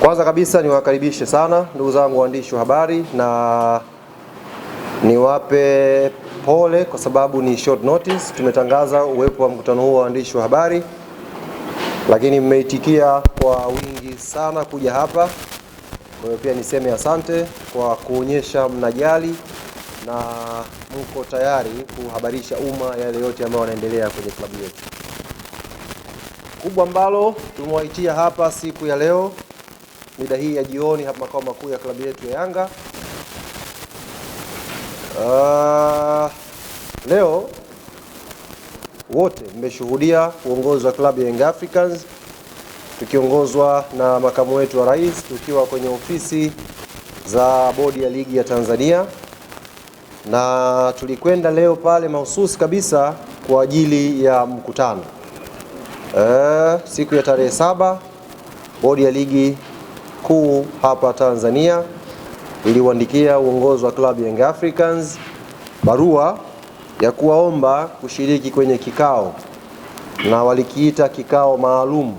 Kwanza kabisa niwakaribishe sana ndugu zangu waandishi wa habari na niwape pole kwa sababu ni short notice. Tumetangaza uwepo wa mkutano huu wa waandishi wa habari, lakini mmeitikia kwa wingi sana kuja hapa. Kwa hiyo pia niseme asante kwa kuonyesha mnajali na mko tayari kuhabarisha umma yale yote ambayo yanaendelea kwenye klabu yetu kubwa ambalo tumewaitia hapa siku ya leo mida hii ya jioni hapa makao makuu ya klabu yetu ya Yanga. Uh, leo wote mmeshuhudia uongozi wa klabu ya Young Africans tukiongozwa na makamu wetu wa rais tukiwa kwenye ofisi za bodi ya ligi ya Tanzania, na tulikwenda leo pale mahususi kabisa kwa ajili ya mkutano. uh, siku ya tarehe saba bodi ya ligi kuu hapa Tanzania iliuandikia uongozi wa klabu Young Africans barua ya kuwaomba kushiriki kwenye kikao, na walikiita kikao maalum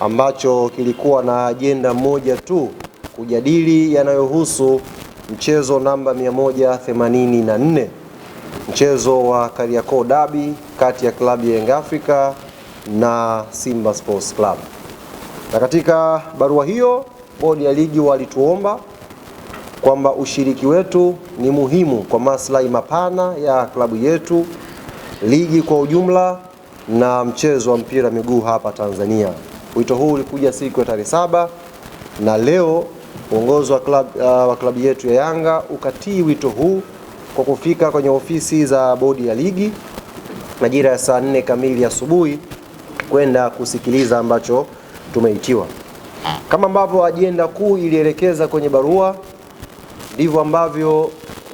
ambacho kilikuwa na ajenda moja tu, kujadili yanayohusu mchezo namba 184 mchezo wa Kariakoo Derby kati ya klabu ya Young Africa na Simba Sports Club. Na katika barua hiyo bodi ya ligi walituomba kwamba ushiriki wetu ni muhimu kwa maslahi mapana ya klabu yetu, ligi kwa ujumla na mchezo wa mpira miguu hapa Tanzania. Wito huu ulikuja siku ya tarehe saba na leo uongozi wa klabu uh, klabu yetu ya Yanga ukatii wito huu kwa kufika kwenye ofisi za bodi ya ligi majira ya saa nne kamili asubuhi kwenda kusikiliza ambacho tumeitiwa. Kama ambavyo ajenda kuu ilielekeza kwenye barua, ndivyo ambavyo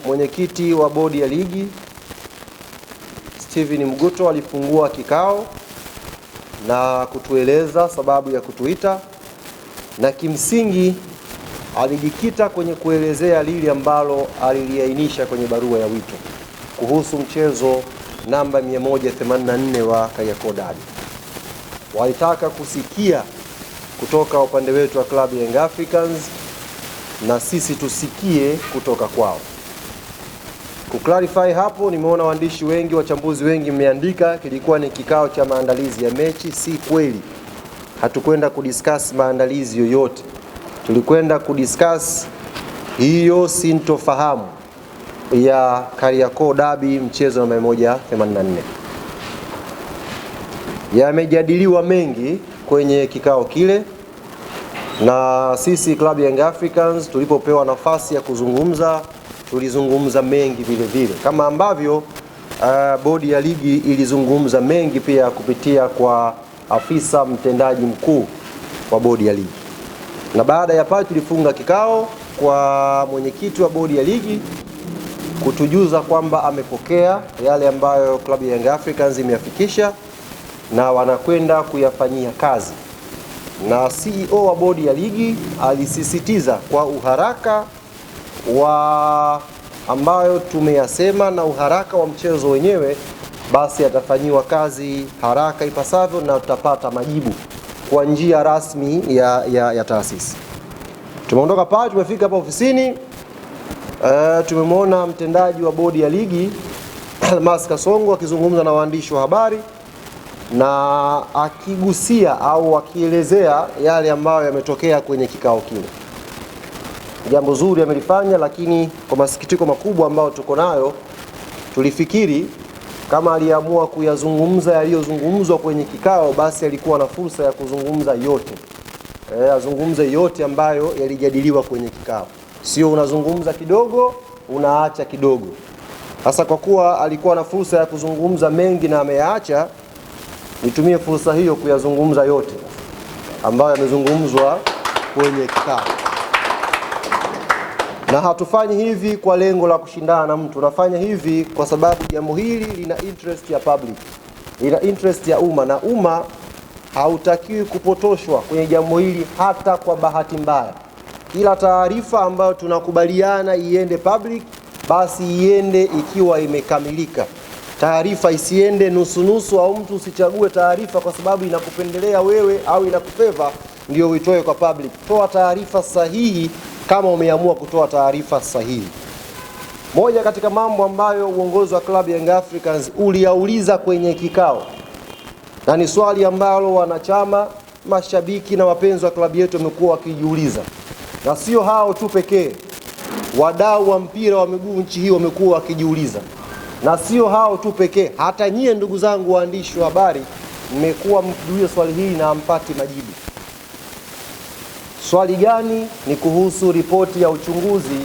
mwenyekiti wa bodi ya ligi Steven Mguto alifungua kikao na kutueleza sababu ya kutuita, na kimsingi alijikita kwenye kuelezea lili ambalo aliliainisha kwenye barua ya wito kuhusu mchezo namba 184 wa Kariakoo Derby. Walitaka kusikia kutoka upande wetu wa klabu ya Young Africans na sisi tusikie kutoka kwao. clarify hapo, nimeona waandishi wengi, wachambuzi wengi mmeandika kilikuwa ni kikao cha maandalizi ya mechi. Si kweli, hatukwenda kudiscuss maandalizi yoyote, tulikwenda kudiscuss hiyo sintofahamu ya Kariakoo Dabi, mchezo namba 184. Yamejadiliwa mengi kwenye kikao kile, na sisi klabu ya Young Africans tulipopewa nafasi ya kuzungumza tulizungumza mengi vile vile, kama ambavyo uh, bodi ya ligi ilizungumza mengi pia kupitia kwa afisa mtendaji mkuu wa bodi ya ligi. Na baada ya pale tulifunga kikao kwa mwenyekiti wa bodi ya ligi kutujuza kwamba amepokea yale ambayo klabu ya Young Africans imeyafikisha na wanakwenda kuyafanyia kazi. Na CEO wa bodi ya ligi alisisitiza kwa uharaka wa ambayo tumeyasema na uharaka wa mchezo wenyewe, basi atafanyiwa kazi haraka ipasavyo na tutapata majibu kwa njia rasmi ya, ya, ya taasisi. Tumeondoka pale, tumefika hapa ofisini uh, tumemwona mtendaji wa bodi ya ligi Almas Kasongo akizungumza na waandishi wa habari na akigusia au akielezea yale ambayo yametokea kwenye kikao kile. Jambo zuri amelifanya, lakini kwa masikitiko makubwa ambayo tuko nayo, tulifikiri kama aliamua kuyazungumza yaliyozungumzwa kwenye kikao, basi alikuwa na fursa ya kuzungumza yote e, azungumze yote ambayo yalijadiliwa kwenye kikao, sio unazungumza kidogo unaacha kidogo. Sasa kwa kuwa alikuwa na fursa ya kuzungumza mengi na ameyaacha Nitumie fursa hiyo kuyazungumza yote ambayo yamezungumzwa kwenye kikao, na hatufanyi hivi kwa lengo la kushindana na mtu. Nafanya hivi kwa sababu jambo hili lina interest ya public, lina interest ya umma, na umma hautakiwi kupotoshwa kwenye jambo hili hata kwa bahati mbaya. Kila taarifa ambayo tunakubaliana iende public, basi iende ikiwa imekamilika taarifa isiende nusunusu, au mtu usichague taarifa kwa sababu inakupendelea wewe au inakufeva ndio uitoe kwa public. Toa taarifa sahihi kama umeamua kutoa taarifa sahihi. Moja katika mambo ambayo uongozi wa klabu ya Young Africans uliyauliza kwenye kikao, na ni swali ambalo wanachama, mashabiki na wapenzi wa klabu yetu wamekuwa wakijiuliza, na sio hao tu pekee, wadau wa mpira wa miguu nchi hii wamekuwa wakijiuliza na sio hao tu pekee, hata nyie ndugu zangu waandishi wa habari mmekuwa mkijuia swali hili na hampati majibu. Swali gani? Ni kuhusu ripoti ya uchunguzi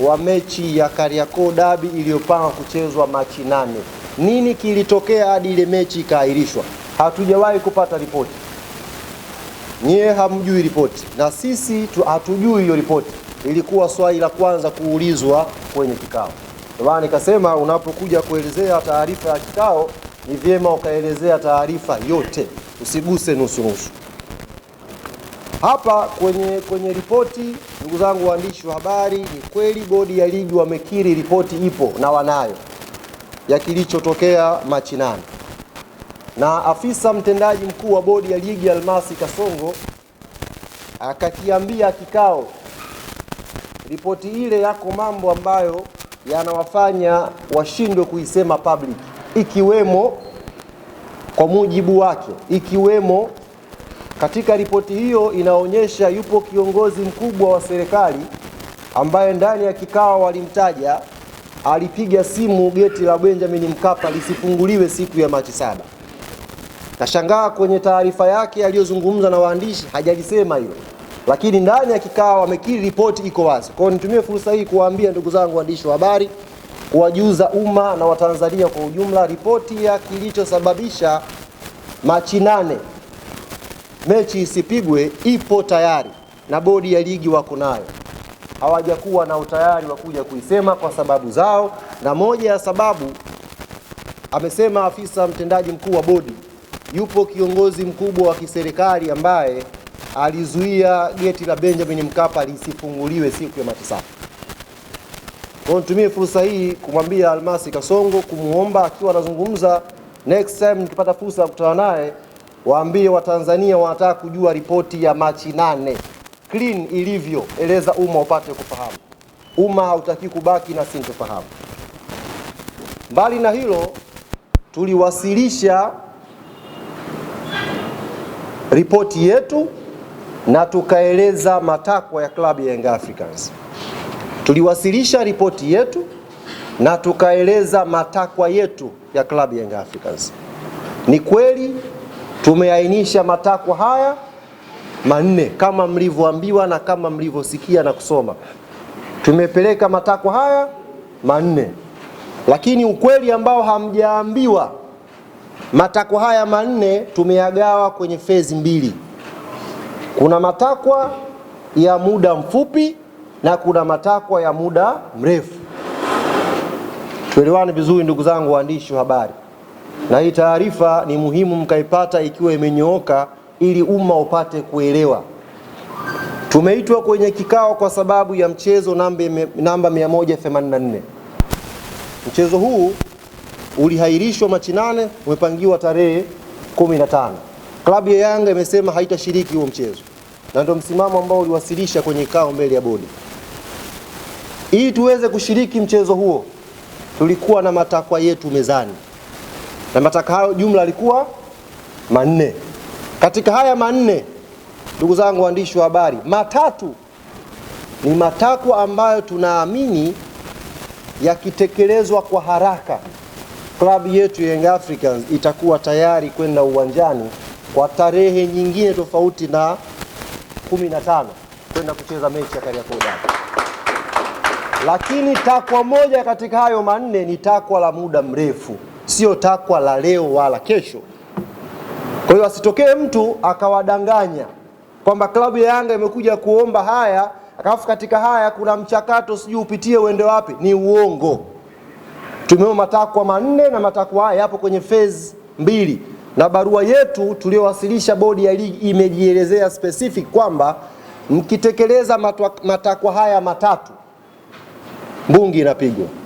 wa mechi ya Kariakoo Dabi iliyopangwa kuchezwa Machi nane. Nini kilitokea hadi ile mechi ikaahirishwa? Hatujawahi kupata ripoti. Nyie hamjui ripoti na sisi hatujui hiyo ripoti. Ilikuwa swali la kwanza kuulizwa kwenye kikao. Ndio maana nikasema unapokuja kuelezea taarifa ya kikao ni vyema ukaelezea taarifa yote, usiguse nusu nusu. Hapa kwenye kwenye ripoti, ndugu zangu waandishi wa habari, ni kweli bodi ya ligi wamekiri ripoti ipo na wanayo ya kilichotokea Machi nane, na afisa mtendaji mkuu wa bodi ya ligi Almasi Kasongo akakiambia kikao, ripoti ile yako mambo ambayo yanawafanya washindwe kuisema public, ikiwemo kwa mujibu wake, ikiwemo katika ripoti hiyo inaonyesha yupo kiongozi mkubwa wa serikali ambaye ndani ya kikao walimtaja, alipiga simu geti la Benjamin Mkapa lisifunguliwe siku ya Machi saba. Nashangaa kwenye taarifa yake aliyozungumza na waandishi hajalisema hilo lakini ndani ya kikao wamekiri, ripoti iko wazi. Kwa hiyo nitumie fursa hii kuwaambia ndugu zangu waandishi wa habari, kuwajuza umma na Watanzania kwa ujumla ripoti ya kilichosababisha Machi nane mechi isipigwe ipo tayari na bodi ya ligi wako nayo. Hawajakuwa na utayari wa kuja kuisema kwa sababu zao, na moja ya sababu amesema afisa mtendaji mkuu wa bodi, yupo kiongozi mkubwa wa kiserikali ambaye alizuia geti la Benjamin Mkapa lisifunguliwe siku ya matisafa. Kwa nitumie fursa hii kumwambia Almasi Kasongo, kumwomba akiwa anazungumza next time nikipata fursa ya kukutana naye, waambie Watanzania wanataka kujua ripoti ya Machi nane clean ilivyo, eleza umma upate kufahamu. Umma hautaki kubaki na sintofahamu. Mbali na hilo, tuliwasilisha ripoti yetu na tukaeleza matakwa ya klabu ya Young Africans. Tuliwasilisha ripoti yetu na tukaeleza matakwa yetu ya klabu ya Young Africans. Ni kweli tumeainisha matakwa haya manne kama mlivyoambiwa na kama mlivyosikia na kusoma. Tumepeleka matakwa haya manne, lakini ukweli ambao hamjaambiwa, matakwa haya manne tumeyagawa kwenye fezi mbili. Kuna matakwa ya muda mfupi na kuna matakwa ya muda mrefu. Tuelewane vizuri, ndugu zangu waandishi wa habari, na hii taarifa ni muhimu mkaipata ikiwa imenyooka, ili umma upate kuelewa. Tumeitwa kwenye kikao kwa sababu ya mchezo namba, namba 184. Mchezo huu ulihairishwa Machi nane, umepangiwa tarehe 15. Klabu ya Yanga imesema haitashiriki huo mchezo, na ndio msimamo ambao uliwasilisha kwenye kao mbele ya bodi. Ili tuweze kushiriki mchezo huo, tulikuwa na matakwa yetu mezani, na matakwa hayo jumla alikuwa manne. Katika haya manne, ndugu zangu waandishi wa habari, matatu ni matakwa ambayo tunaamini yakitekelezwa kwa haraka klabu yetu Young Africans itakuwa tayari kwenda uwanjani kwa tarehe nyingine tofauti na 15 kwenda kucheza mechi ya Kariakoo Derby. Lakini takwa moja katika hayo manne ni takwa la muda mrefu, sio takwa la leo wala kesho. Kwa hiyo asitokee mtu akawadanganya kwamba klabu ya Yanga imekuja kuomba haya akafu katika haya kuna mchakato sijui upitie uende wapi. Ni uongo. tumeo matakwa manne na matakwa haya yapo kwenye phase mbili na barua yetu tuliyowasilisha bodi ya ligi imejielezea specific kwamba mkitekeleza matakwa haya matatu, mbungi inapigwa.